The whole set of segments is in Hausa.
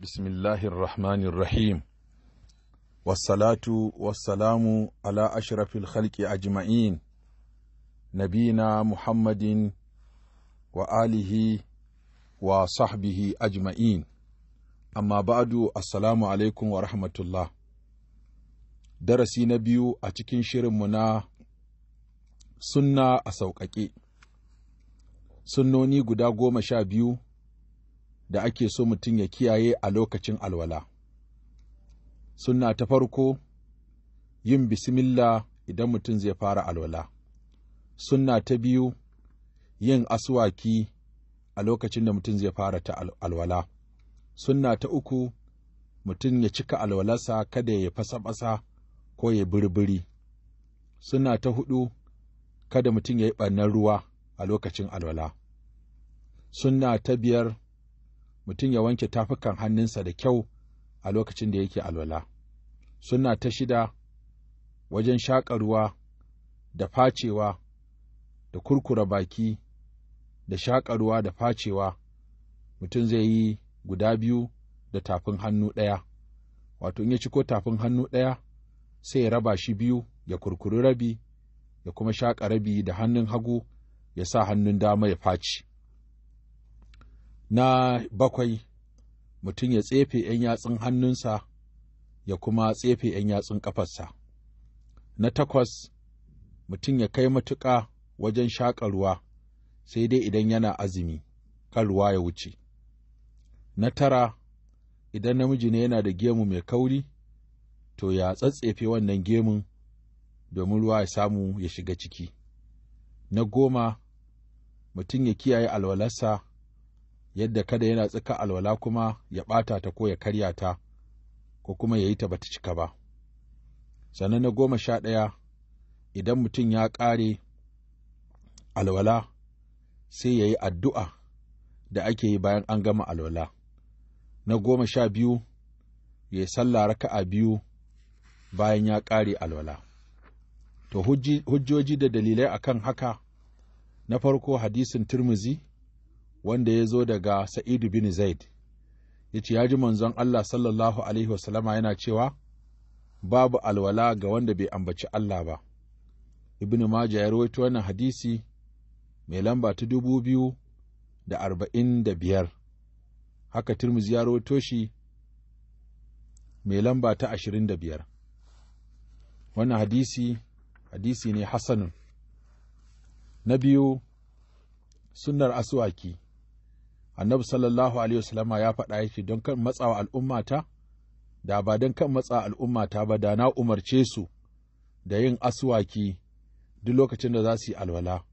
bismillahir rahmanir rahim wassalatu wassalamu ala ashrafil khalqi ajma'in nabina muhammadin wa alihi wa sahbihi ajma'in amma ba'du assalamu alaikum wa rahmatullah darasi na biyu a cikin shirinmu na sunna a sauƙaƙe Sunoni guda goma sha biyu da ake so mutum ya kiyaye a lokacin alwala. Sunna ta farko yin bismillah idan mutum zai fara alwala. Sunna ta biyu yin aswaki a lokacin da mutum zai fara ta alwala. Sunna ta uku mutum ya cika alwalarsa kada ya fasa-fasa ko ya birbiri. suna ta hudu kada mutum ya yi ɓannan ruwa a lokacin alwala. Sunna ta biyar mutum ya wanke tafukan hannunsa da kyau a lokacin da yake alwala. Suna ta shida wajen shaƙa da facewa da kurkura baki da shaƙa da facewa mutum zai yi guda biyu da tafin hannu ɗaya. Wato in ya ciko tafin hannu ɗaya sai ya raba shi biyu ya kurkuri rabi ya kuma shaƙa rabi da hannun hagu ya sa hannun dama ya face. na bakwai mutum ya tsefe ‘yan yatsun hannunsa ya kuma tsefe ‘yan yatsun ƙafarsa. Na takwas, mutum ya kai matuƙa wajen shaƙa ruwa, sai dai idan yana azumi, kan ruwa ya wuce. Na tara, idan namiji ne yana da gemu mai kauri, to ya tsatsefe wannan gemun domin ruwa ya samu ya shiga ciki. Na goma, mutum ya kiyaye alwalarsa yadda kada yana tsika alwala kuma ya ɓata ta ko ya karya ta ko kuma ya yi ta bata cika ba sannan na goma sha ɗaya idan mutum ya ƙare alwala sai ya yi addu'a da ake yi bayan an gama alwala na goma sha biyu ya yi sallah raka'a biyu bayan ya ƙare alwala to hujjoji da dalilai akan haka na farko hadisin turmuzi wanda ya zo daga sa'idu bin zaid ya ce ya ji manzon Allah sallallahu alaihi wasallama yana cewa babu alwala ga wanda bai ambaci Allah ba ibn Majah ya rawaito wannan hadisi mai lamba ta dubu biyu da arba'in da biyar haka Tirmizi ya rawaito shi mai lamba ta ashirin da biyar wannan hadisi hadisi ne Hassanun. na biyu sunnar asuwaki annabi sallallahu alaihi wasallam ya faɗa yake don kan matsawa al'ummata da ba don kan matsa al'ummata ba da na umarce su da yin aswaki duk lokacin da za su yi alwala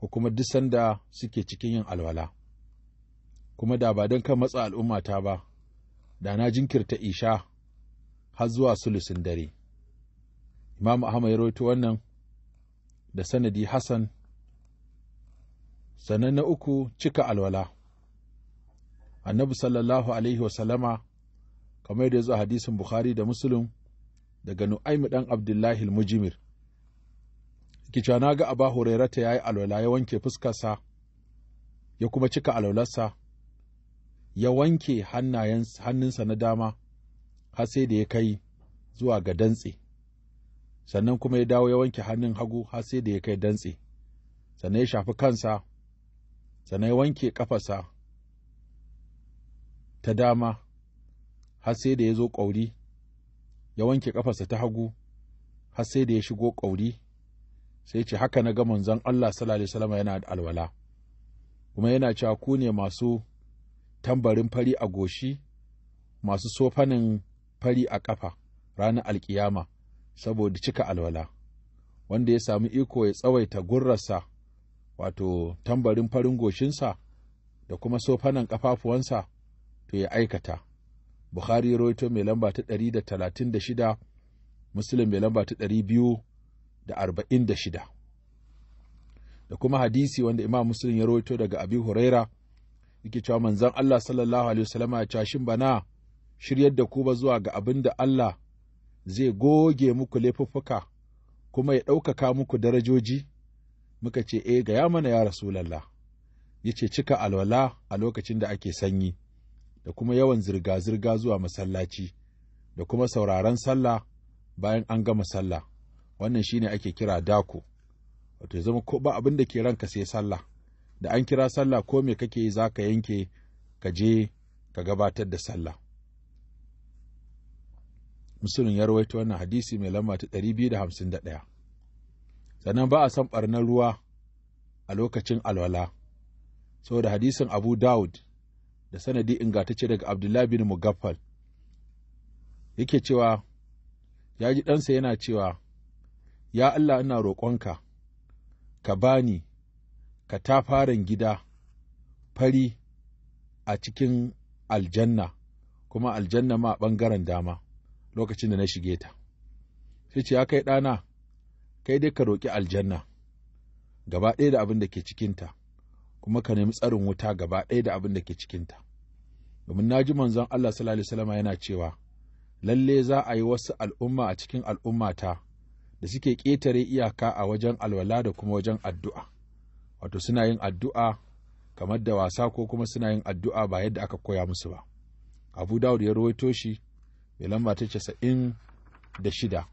ko kuma duk sanda suke cikin yin alwala kuma da ba don kan matsa al'ummata ba da na jinkirta isha har zuwa sulusin dare Imam Ahmad ya rawaito wannan da sanadi Hassan sannan na uku cika alwala annabi sallallahu alaihi wasallama kamar da ya zo hadisin bukhari da muslim daga nu'aimu dan abdullahi mujimir kica na ga aba hurairata ya yi alwala ya wanke fuskarsa ya kuma cika alwalarsa ya wanke hannunsa na dama har sai da ya kai zuwa ga dantse sannan kuma ya dawo ya wanke hannun hagu har sai da ya kai dantse sannan ya shafi kansa sannan ya wanke kafarsa ta dama har sai da ya zo ƙauri, ya wanke ƙafarsa ta hagu har sai da ya shigo ƙauri, sai ce haka na ga zan Allah sallallahu salama yana da alwala, kuma yana cewa ku ne masu tambarin fari a goshi, masu sofanin fari a ƙafa ranar alkiyama saboda cika alwala, wanda ya sami iko ya tsawaita gurrarsa, wato tambarin farin goshinsa da kuma sofanan ƙafafuwansa. to ya aikata Bukhari ya rawaito mai lamba ta da da talatin shida, Musulun mai lamba ta biyu da arba'in da Da shida. kuma hadisi wanda Imam Musulun ya rawaito daga Abi Huraira yake cewa manzon Allah sallallahu alaihi wasallam ya cashin bana shiryar da ku ba zuwa ga abin da Allah zai goge muku laifuffuka kuma ya ɗaukaka muku darajoji muka ce e, gaya mana ya rasulallah ya ce cika alwala a lokacin da ake sanyi da kuma yawan zirga-zirga zuwa masallaci da kuma sauraron sallah bayan an gama sallah wannan shi shine ake kira dako wato zama ko ba abin da ke ranka sai sallah da an kira sallah ko me kake yi za ka yanke ka je ka gabatar da sallah musulun ya rawaito wannan hadisi mai lamba ta ɗari biyu da hamsin da ɗaya sannan ba a san ɓarnar ruwa a lokacin alwala saboda hadisin abu dawud da sanadi ingantacce daga Abdullahi bin Mugaffal yake cewa ya ji ɗansa yana cewa ya Allah ina roƙonka ka bani ka tafaren gida fari a cikin aljanna kuma aljanna ma ɓangaren dama lokacin da na shige ta sai ce ya kai ɗana kai dai ka roƙi aljanna gaba ɗaya da abin da ke cikinta kuma ka nemi tsarin wuta gaba ɗaya da abin da ke cikinta domin na ji manzon Allah sallallahu alaihi yana cewa lalle za a yi wasu al'umma a cikin al'ummata da suke ƙetare iyaka a wajen alwala da kuma wajen addu'a wato suna yin addu'a kamar da wasa ko kuma suna yin addu'a ba yadda aka koya musu ba abu dawud ya rawaito shi mai lamba ta casa'in da shida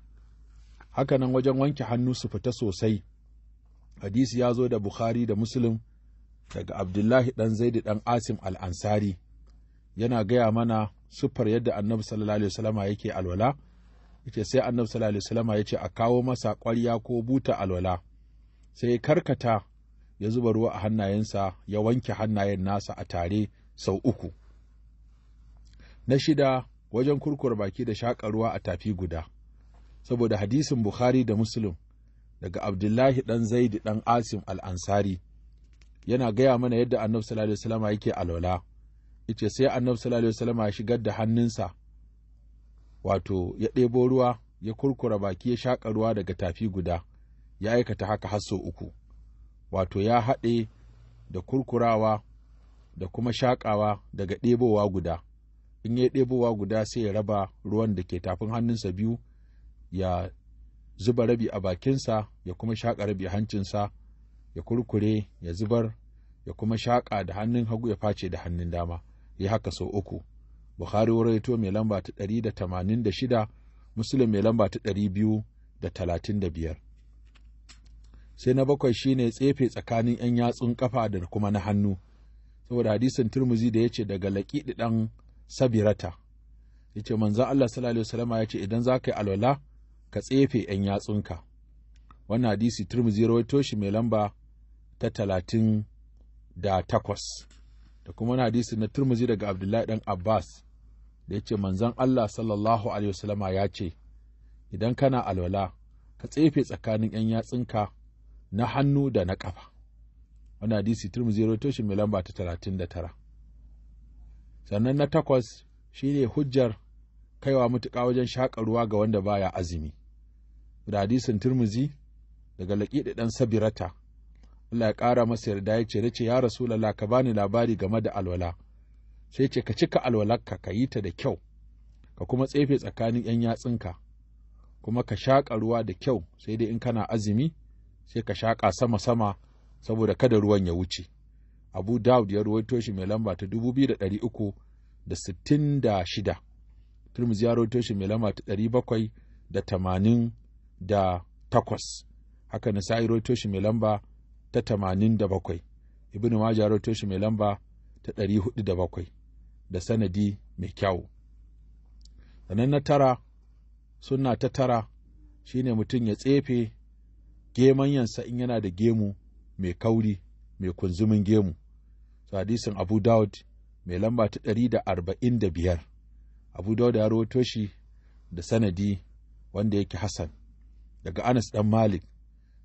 hakanan wajen wanke hannu su fita sosai hadisi ya zo da bukhari da muslim daga abdullahi ɗan zaidi ɗan asim al'ansari yana gaya mana siffar yadda annabi sallallahu alaihi wasallama yake alwala yace sai annabi sallallahu alaihi wasallama yace a kawo masa ƙwarya ko buta alwala sai karkata ya zuba ruwa a hannayensa ya wanke hannayen nasa a tare sau uku na shida wajen kurkura baki da shaƙa ruwa a tafi guda saboda hadisin bukhari da muslim daga abdullahi ɗan zaidi ɗan asim al ansari yana gaya mana yadda annabi sallallahu alaihi wasallama yake alwala yace sai annabi sallallahu alaihi wasallam ya shigar da hannunsa wato ya ɗebo ruwa ya kurkura baki ya shaƙa ruwa daga tafi guda ya aikata haka har sau uku wato ya haɗe da kurkurawa da kuma shaƙawa daga ɗebowa guda in ya ɗebowa guda sai ya raba ruwan da ke tafin hannunsa biyu ya zuba rabi a bakinsa ya kuma shaƙa rabi hancinsa ya kurkure ya zubar ya kuma shaƙa da hannun hagu ya face da hannun dama ya haka sau uku bukhari waraito mai lamba ta ɗari da tamanin da shida Musulun mai lamba ta ɗari biyu da talatin da biyar sai na bakwai shi ne tsefe tsakanin ‘yan yatsun kafa da kuma na hannu saboda hadisin turmuzi da ya ce daga laƙi ɗan sabirata ya ce manzan Allah sallallahu alaihi ya ce idan za ka yi alwala ka tsefe ‘yan yatsunka wannan hadisi turmuzi rawaito shi mai lamba ta talatin da takwas da kuma wani hadisi na turmuzi daga abdullahi ɗan abbas da ya ce manzon allah sallallahu alaihi wasallama ya ce idan kana alwala ka tsefe tsakanin ‘yan yatsunka na hannu da na ƙafa. Wani hadisi turmuzi rawaito shi mai lamba ta talatin da tara. Sannan na takwas shine hujjar kaiwa matuƙa wajen shaƙa ruwa ga wanda baya azumi. Da hadisin turmuzi daga laƙiɗi ɗan sabirata Allah ya ƙara masa yarda ya ce ce ya rasulallah ka bani labari game da alwala sai ce ka cika alwalarka ka yi ta da kyau ka kuma tsefe tsakanin ‘yan yatsunka kuma ka shaƙa ruwa da kyau sai dai in kana azumi sai ka shaƙa sama-sama saboda kada ruwan ya wuce abu dawud ya ruwaito shi mai lamba ta dubu biyu da ɗari uku da sittin da shida ya ruwaito shi mai lamba ta ɗari bakwai da tamanin da takwas haka nisa'i ruwaito shi mai lamba ta tamanin da bakwai ibn Majah rawaito shi mai lamba ta ɗari hudu da bakwai da sanadi mai kyawu sannan na tara suna ta tara shine mutum ya tsefe gemanyansa in yana da gemu mai kauri mai kunzumin gemu so hadisin abu dawud mai lamba ta ɗari da arba'in da biyar abu dawud ya rawaito shi da sanadi wanda yake hassan daga anas ɗan malik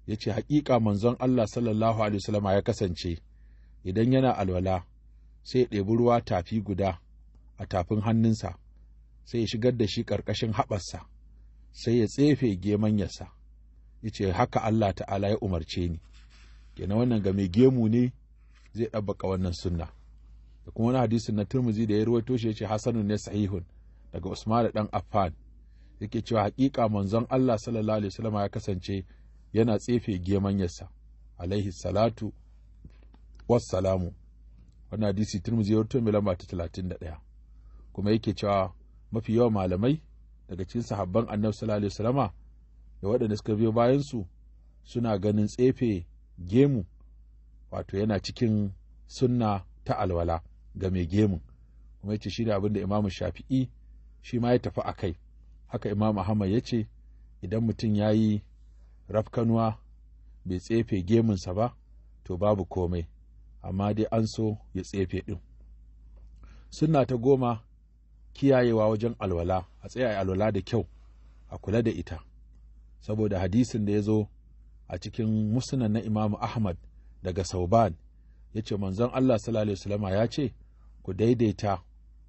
ya ce haƙiƙa manzon Allah sallallahu alaihi wasallama ya kasance idan yana alwala sai ya ɗebi ruwa tafi guda a tafin hannunsa sai ya shigar da shi ƙarƙashin haɓarsa sai ya tsefe gemanyarsa ya ce haka Allah ta'ala ya umarce ni kenan wannan ga mai gemu ne zai ɗabbaka wannan sunna da kuma wani hadisin na turmuzi da ya ruwaito shi ya ce hasanun ne sahihun daga usman da ɗan affan yake cewa haƙiƙa manzon Allah sallallahu alaihi wasallama ya kasance yana tsefe gemanyarsa alaihi salatu wassalamu wannan hadisi turmuzi ya wato lamba ta talatin da ɗaya kuma yake cewa mafi yawan malamai daga cikin sahabban annabi sallallahu alaihi wasallama da waɗanda suka biyo su suna ganin tsefe gemu wato yana cikin sunna ta alwala ga mai gemun kuma yace shi ne abin da imamu shafi'i shi ma ya tafi a kai haka imamu ahmad ya ce idan mutum ya yi rafkanuwa bai tsefe gemunsa ba to babu komai amma dai an so ya tsefe ɗin suna ta goma kiyayewa wajen alwala a tsaya alwala da kyau a kula da ita saboda hadisin da ya zo a cikin musunan na imamu ahmad daga sauban ya ce manzon allah sallallahu ya ce ku daidaita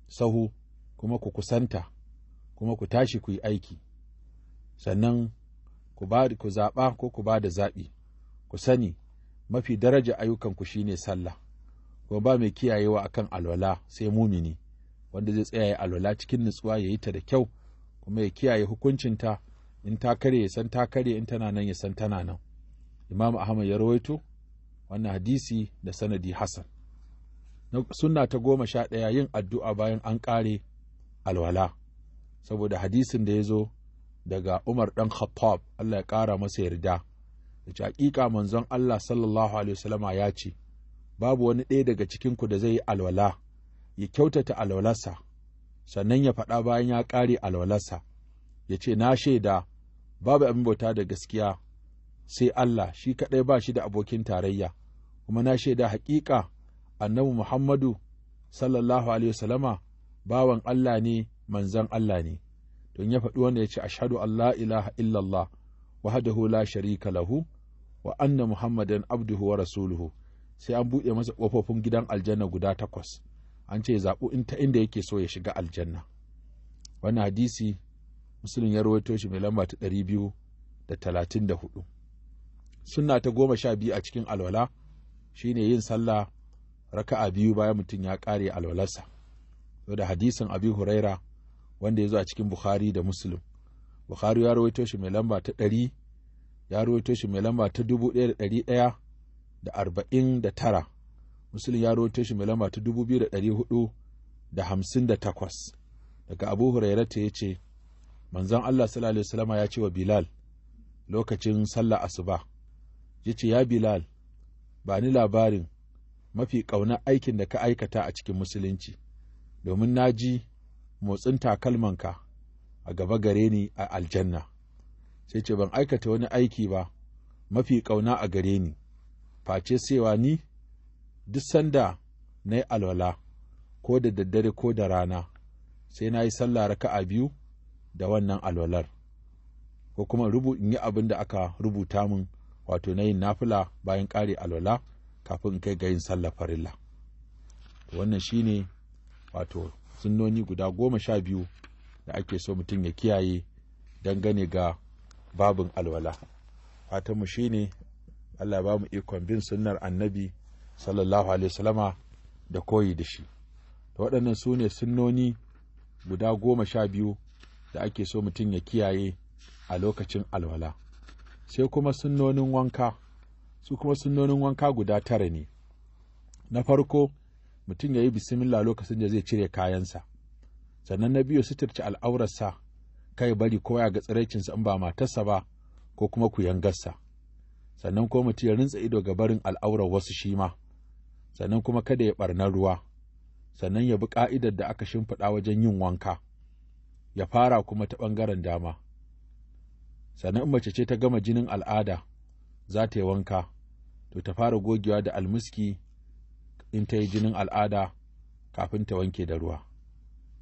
sahu kuma ku kusanta kuma ku tashi ku yi aiki sannan ku ba ku zaɓa ko ku ba da zaɓi ku sani mafi daraja ayyukanku ne sallah kuma ba mai kiyayewa akan alwala sai mumini wanda zai tsaya ya alwala cikin nutsuwa ya yi ta da kyau kuma ya kiyaye hukuncinta in ta karye ya san ta karye in tana nan ya san tana nan imam ahmad ya rawaito wannan hadisi da sanadi hassan sunna ta goma sha ɗaya yin addu'a bayan an ƙare alwala saboda hadisin da ya zo daga Umar ɗan Khattab Allah ya ƙara masa yarda da ce haƙiƙa manzon Allah sallallahu alaihi wasallama ya ce babu wani ɗaya daga cikinku da zai yi alwala ya kyautata alwalarsa sannan ya faɗa bayan ya ƙare alwalarsa ya ce na shaida babu abin bauta da gaskiya sai Allah shi kaɗai ba shi da abokin tarayya kuma na shaida haƙiƙa annabi Muhammadu sallallahu alaihi wasallama bawan Allah ne manzon Allah ne don ya faɗi wanda ya ce ashadu an la ilaha illallah wahdahu la sharika lahu wa anna muhammadan abduhu wa rasuluhu sai an buɗe masa ƙofofin gidan aljanna guda takwas an ce zaɓu in ta inda yake so ya shiga aljanna wannan hadisi musulun ya rawaito shi mai lamba ta ɗari biyu da talatin da hudu sunna ta goma sha biyu a cikin alwala shine yin sallah raka'a biyu bayan mutum ya ƙare alwalarsa da hadisin abi huraira wanda ya zo a cikin bukhari da muslim bukhari ya rawaito shi mai lamba ta ɗari ya rawaito shi mai lamba ta dubu ɗaya da ɗari ɗaya da arba'in da tara muslim ya rawaito shi mai lamba ta dubu biyu da ɗari hudu da hamsin da takwas daga abu hurairata ya ce manzon allah sallallahu alaihi ya ce wa bilal lokacin sallah asuba yace ya bilal ba ni labarin mafi ƙaunar aikin da ka aikata a cikin musulunci domin na ji motsin takalmanka a gaba gare ni a aljanna sai ce ban aikata wani aiki ba mafi ƙauna a gare ni face sewa ni duk sanda na yi alwala ko da daddare ko da rana sai na yi sallah raka'a biyu da wannan alwalar ko kuma in yi abin da aka rubuta min wato na yin nafila bayan ƙare alwala kafin in kai ga yin sallah farilla wannan shine wato sunnoni guda goma sha biyu da ake so mutum ya kiyaye dangane ga babin alwala fatanmu shi ne allah ba mu ikon bin sunnar annabi sallallahu alaihi wasallama da koyi da shi da waɗannan su ne sunnoni guda goma sha biyu da ake so mutum ya kiyaye a lokacin alwala sai kuma sunnonin wanka su kuma sunnonin wanka guda tara ne na farko mutum ya yi bismillah lokacin da zai cire kayansa sannan na biyu suturci al'aurarsa kai bari ko ya ga tsiraicinsa in ba matarsa ba ko kuma ku yangarsa sannan ko mutum ya rintsa ido ga barin al'aurar wasu shi ma sannan kuma kada ya barna ruwa sannan ya bi ka'idar da aka shimfiɗa wajen yin wanka ya fara kuma ta ɓangaren dama sannan in mace ce ta gama jinin al'ada za ta yi wanka to ta fara gogewa da almuski in ta yi jinin al'ada kafin ta wanke da ruwa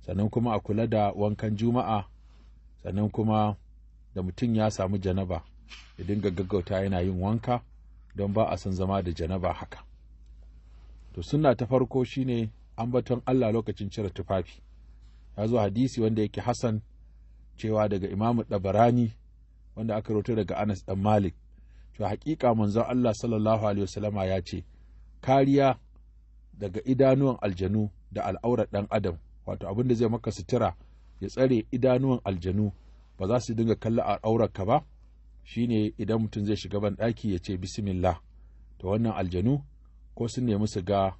sannan kuma a kula da wankan juma'a sannan kuma da mutum ya samu janaba ya dinga gaggauta yana yin wanka don ba a san zama da janaba haka to suna ta farko shi shine ambaton Allah lokacin cire tufafi ya zo hadisi wanda yake Hassan cewa daga Imamu Dabarani wanda aka rawaito daga Anas dan Malik to hakika manzon Allah sallallahu alaihi wasallama ya ce kariya daga idanuwan aljanu da al'aurar ɗan adam wato abin da zai maka sutura ya tsare idanuwan aljanu ba za su dinga kalla al'aurar ka ba shine idan mutum zai shiga ban ɗaki ya ce bismillah to wannan aljanu ko sun nemi su ga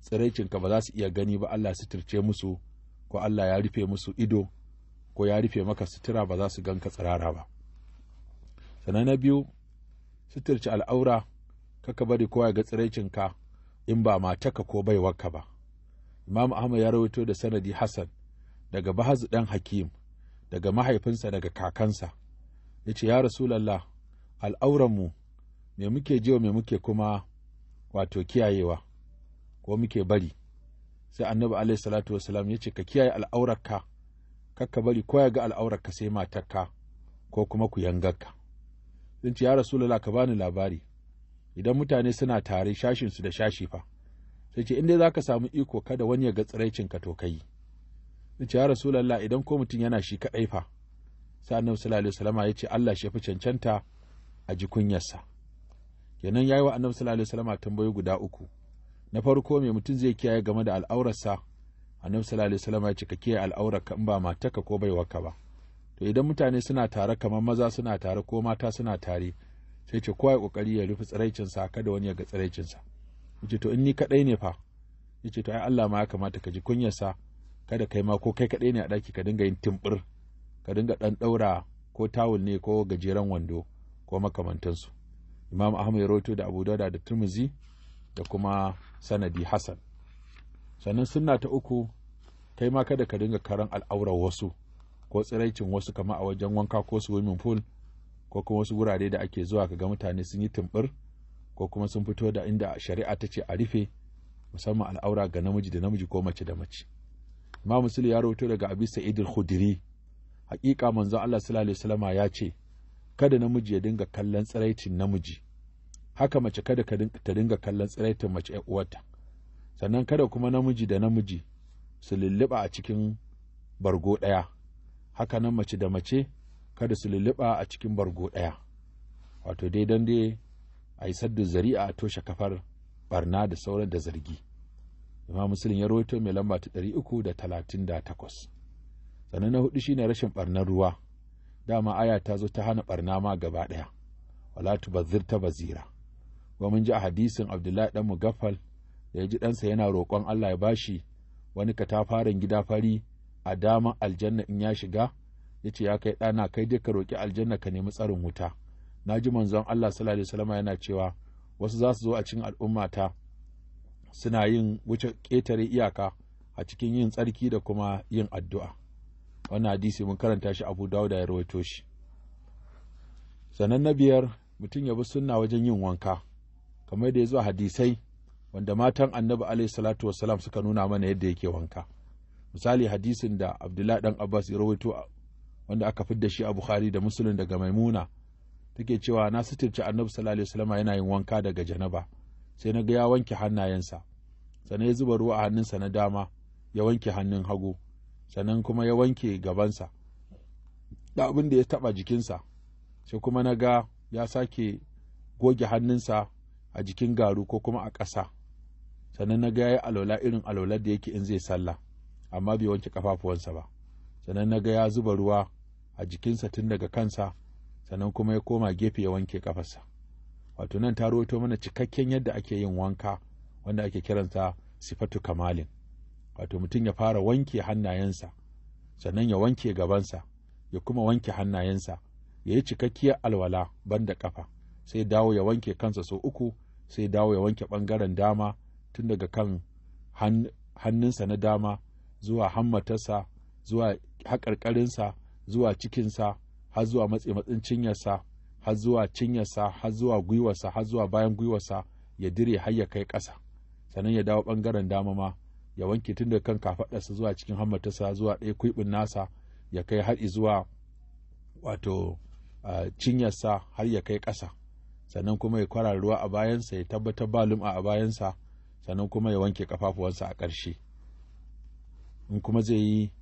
tsiraicinka ba za su iya gani ba Allah suturce musu ko Allah ya rufe musu ido ko ya rufe maka sutura ba za su gan ka tsirara ba Sana na biyu suturce al'aura kaka bari kowa ya ga tsiraicin ka in ba mataka ko baiwarka ba Imam Ahmad ya rawaito da sanadi Hassan daga Bahazu ɗan Hakim daga mahaifinsa daga kakansa Ya ce ya Rasulullah al'auranmu me muke jiwa me muke kuma wato kiyayewa ko muke bari sai annabi alaihi salatu wasalam ya ce ka kiyaye al'aurarka kakka bari ko ya ga al'aurarka sai matarka ko kuma ku yangarka sun ce ya allah ka bani labari idan mutane suna tare shashinsu da shashi fa sai ce in dai ka samu iko kada wani ya ga tsiraicin ka to kai ce ya rasulallah idan ko mutum yana shi kaɗai fa sa'an nan sallallahu alaihi ya ce Allah shi fi cancanta a ji kunyarsa kenan yayi wa annabi sallallahu alaihi tambayoyi guda uku na farko me mutum zai kiyaye game da al'aurarsa annabi sallallahu alaihi ya ce ka kiyaye al'aurarka in ba matarka ko baiwarka ba to idan mutane suna tare kamar maza suna tare ko mata suna tare sai ce kowa ya kokari ya rufe tsiraicinsa kada wani ya ga tsiraicinsa yace to in ni kadai ne fa yace to ai Allah ma ya kamata ka ji kunyar sa kada kai ma ko kai kadai ne a daki ka dinga yin timbir ka dinga dan daura ko tawul ne ko gajeren wando ko makamantansu Imam Ahmad ya rawaito da Abu Dawud da Tirmidhi da kuma sanadi Hasan sannan sunna ta uku kai ma kada ka dinga karan al'aurar wasu ko tsiraicin wasu kamar a wajen wanka ko swimming pool ko kuma wasu wurare da ake zuwa ka ga mutane sun yi tumbur ko kuma sun fito da inda shari'a ta ce a rufe musamman al'aura ga namiji da namiji ko mace da mace Amma Muslim ya rubuto daga Abi Sa'id al-Khudri hakika manzo Allah sallallahu alaihi wasallama ya ce kada namiji ya dinga kallon tsiraitin namiji haka mace kada ta dinga kallon tsiraitin mace ƴan uwata, sannan kada kuma namiji da namiji su lulluɓa a cikin bargo ɗaya haka nan mace da mace kada su lulluɓa a cikin bargo ɗaya wato dai don dai a yi saddu zari'a a toshe kafar barna da sauran da zargi imam musulun ya rawaito mai lamba ta ɗari uku da talatin da takwas sannan na hudu shine rashin barnar ruwa dama aya ta zo ta hana barna ma gaba ɗaya wala tubazzir ta bazira Kuma mun ji a hadisin abdullahi dan mugaffal da ya ji ɗansa yana roƙon allah ya bashi wani katafaren gida fari a daman aljanna in ya shiga ya ce ya kai ɗana kai dai ka roƙi aljanna ka nemi tsarin wuta na ji manzon Allah sallallahu alaihi wasallam yana cewa wasu za su zo a cikin al'ummata suna yin wuce ƙetare iyaka a cikin yin tsarki da kuma yin addu'a wannan hadisi mun karanta shi Abu Dawud ya rawaito shi sanan na biyar mutum ya bi sunna wajen yin wanka kamar da ya zuwa hadisai wanda matan annabi alaihi salatu wasalam suka nuna mana yadda yake wanka misali hadisin da abdullahi dan abbas ya rawaito wanda aka da shi a Bukhari da Muslim daga Maimuna take cewa na suturce Annabi sallallahu alaihi wasallam yana yin wanka daga janaba sai na ga ya wanke hannayensa sannan ya zuba ruwa a hannunsa na dama ya wanke hannun hagu sannan kuma ya wanke gabansa da abin da ya taba jikinsa sai kuma na ga ya sake goge hannunsa a jikin garu ko kuma a ƙasa sannan na ga ya yi alola irin alolar da yake in zai sallah amma bai wanke kafafuwansa ba sannan na ga ya zuba ruwa a jikinsa tun daga kansa sannan kuma ya koma gefe ya wanke kafarsa wato nan ta rawaito mana cikakken yadda ake yin wanka wanda ake kiransa sifatu kamalin wato mutum ya fara wanke hannayensa sannan ya wanke gabansa ya kuma wanke hannayensa ya yi cikakkiyar alwala ban da kafa sai dawo ya wanke kansa sau uku sai dawo ya wanke ɓangaren dama tun daga kan hannunsa na dama zuwa hammatarsa zuwa haƙarƙarinsa zuwa cikinsa har zuwa matse matsin cinyarsa har zuwa cinyarsa har zuwa gwiwarsa har zuwa bayan gwiwarsa ya dire har ya kai ƙasa sannan ya dawo ɓangaren dama ma ya wanke tun daga kan kafaɗarsa zuwa cikin hammatarsa zuwa ɗaya kwiɓin nasa ya kai har zuwa wato cinyarsa har ya kai ƙasa sannan kuma ya kwara ruwa a bayansa ya tabbatar ba lum'a a bayansa sannan kuma ya wanke kafafuwansa a ƙarshe in kuma zai yi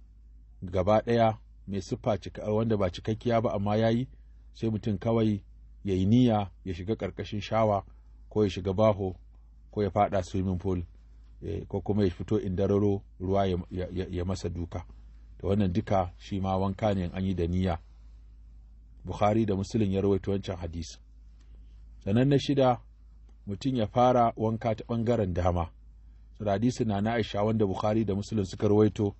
gaba ɗaya mai siffa wanda ba cikakkiya ba amma ya yi sai mutum kawai ya yi niyya ya shiga ƙarƙashin shawa ko ya shiga baho ko ya faɗa swimming pool eh, ko kuma ya fito indararo ruwa ya masa duka to wannan duka shi ma wanka ne an yi da niyya bukhari da muslim ya rawaito wancan hadisi sanan na shida mutum ya fara wanka ta ɓangaren dama da na na aisha wanda bukhari da muslim suka rawaito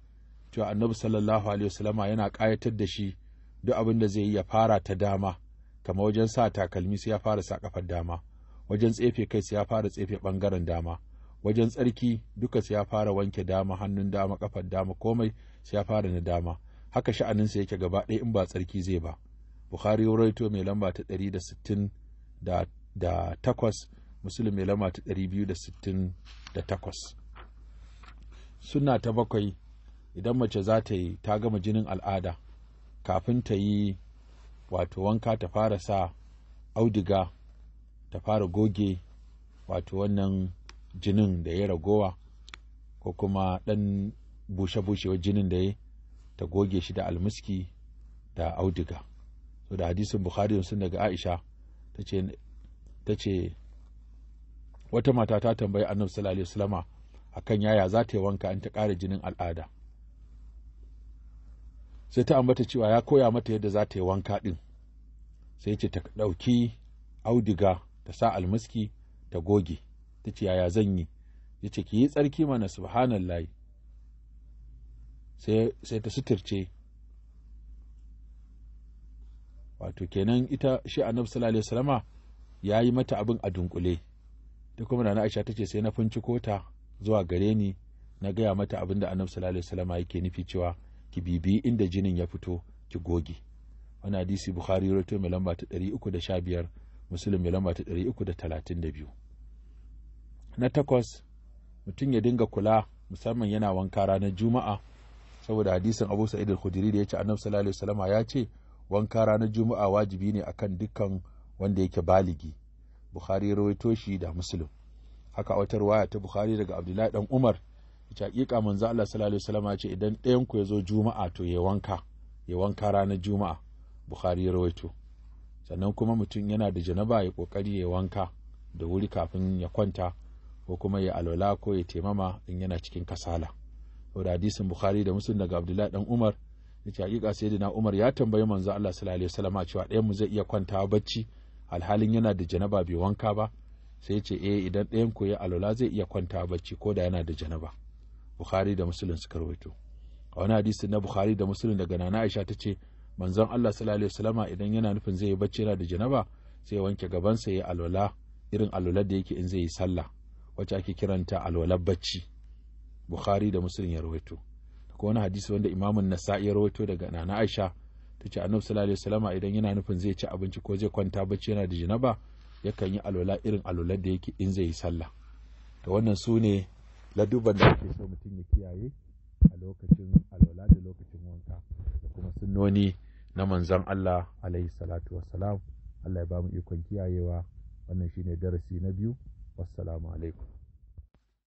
to annabi sallallahu alaihi wasallama yana ƙayatar da shi duk abin da zai yi ya fara ta dama kamar wajen sa takalmi sai ya fara sa kafar dama wajen tsefe kai sai ya fara tsefe bangaren dama wajen tsarki duka sai ya fara wanke dama hannun dama kafar dama komai sai ya fara na dama haka sha'aninsa yake gaba ɗaya in ba tsarki zai ba bukhari rawaito mai lamba ta ɗari da sittin da takwas musulun mai lamba ta ɗari biyu da sittin da takwas suna ta bakwai idan mace za ta yi ta gama jinin al'ada kafin ta yi wato wanka ta fara sa audiga ta fara goge wato wannan jinin da ya ragowa ko kuma ɗan bushe-bushewar jinin da ya ta goge shi da almuski da audiga so da hadisin bukhari sun daga aisha ta ce wata mata ta tambayi annabi sallallahu alaihi wasallama akan yaya za ta yi wanka in ta ƙara jinin al'ada sai ta ambata cewa ya koya mata yadda za ta yi wanka ɗin sai ce ta ɗauki audiga ta sa almaski ta goge ta ce yaya zan yi ya ce ki yi tsarki mana subhanallah sai ta suturce wato kenan ita shi annabi sallallahu alaihi wasallama ya yi mata abin a dunkule ta kuma nana aisha ta ce sai na finciko kota zuwa gare ni na gaya mata abin da annabi sallallahu alaihi wasallama yake nufi cewa ki bibi inda jinin ya fito ki goge wani hadisi bukhari rawaito mai lamba ta ɗari uku da sha biyar musulun mai lamba ta ɗari uku da da talatin biyu. na takwas mutum ya dinga kula musamman yana wanka ranar juma'a saboda hadisin abu sa'id al khudiri da ya annabi sallallahu alaihi wasallam ya ce wanka ranar juma'a wajibi ne akan dukkan wanda yake baligi bukhari rawaito shi da muslim haka wata waya ta bukhari daga abdullahi dan umar ita hakika manzo Allah sallallahu alaihi wasallam ya ce idan ɗayan ku ya zo juma'a to ya wanka ya wanka ranar juma'a bukhari ya rawaito sannan kuma mutum yana da janaba ya kokari ya wanka da wuri kafin ya kwanta ko kuma ya alwala ko ya taimama in yana cikin kasala saboda hadisin bukhari da muslim daga abdullahi dan umar yace hakika sayyidina umar ya tambayi manzo Allah sallallahu alaihi wasallam cewa ɗayan mu zai iya kwantawa bacci alhalin yana da janaba bai wanka ba sai ce eh idan ɗayan ku ya alwala zai iya kwanta bacci ko da yana da janaba bukhari da musulun suka rawaito a wani hadisi na bukhari da musulun daga nana aisha ta ce manzon allah sallallahu alaihi idan yana nufin zai yi bacci yana da janaba sai wanke gabansa ya alwala irin alwalar da yake in zai yi sallah wacce ake kiranta alwalar bacci bukhari da musulun ya rawaito ko wani hadisi wanda imamun nasa'i ya rawaito daga nana aisha ta ce annabi sallallahu alaihi idan yana nufin zai ci abinci ko zai kwanta bacci yana da janaba yakan yi alwala irin alwalar da yake in zai yi sallah to wannan su ne laduban da ake so mutum ya kiyaye a lokacin alwala da lokacin wanka da kuma sunnoni na manzon Allah alaihi salatu wassalam Allah ya ba mu ikon kiyayewa wannan shine darasi na biyu wassalamu alaikum